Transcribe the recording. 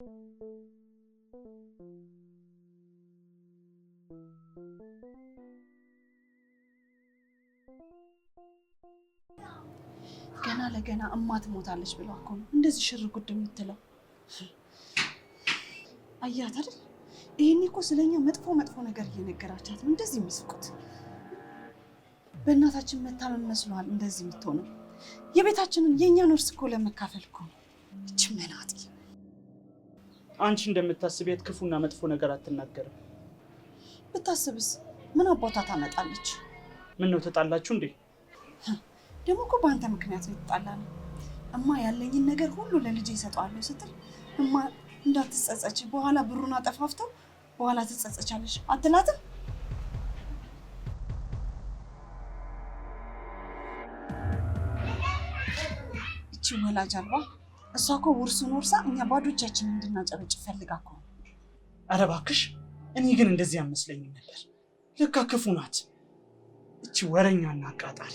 ገና ለገና እማት ሞታለች ብለው እኮ ነው እንደዚህ ሽር ጉድ የምትለው። አያት አይደል? ይሄኔ እኮ ስለኛ መጥፎ መጥፎ ነገር እየነገራቻት ነው እንደዚህ የሚስቁት። በእናታችን መታመን መስሏል እንደዚህ የምትሆነው። የቤታችንን የእኛን ውርስ እኮ ለመካፈል እኮ ነው። አንቺ እንደምታስቢያት ክፉና መጥፎ ነገር አትናገርም። ብታስብስ ምን አባቷ ታመጣለች? ምን ነው ተጣላችሁ እንዴ? ደግሞ እኮ በአንተ ምክንያት ነው የተጣላነው። እማ ያለኝን ነገር ሁሉ ለልጄ ይሰጠዋለሁ ስትል እማ እንዳትጸጸች በኋላ ብሩን አጠፋፍተው በኋላ ትጸጸቻለች አትላትም? እቺ ወላጅ አልባ እሷ እኮ ውርሱን ወርሳ እኛ ባዶ እጃችን እንድናጨበጭ ፈልጋ እኮ ነው። እባክሽ፣ እኔ ግን እንደዚህ አመስለኝም ነበር። ልካ ክፉ ናት እቺ ወረኛና አቃጣሪ።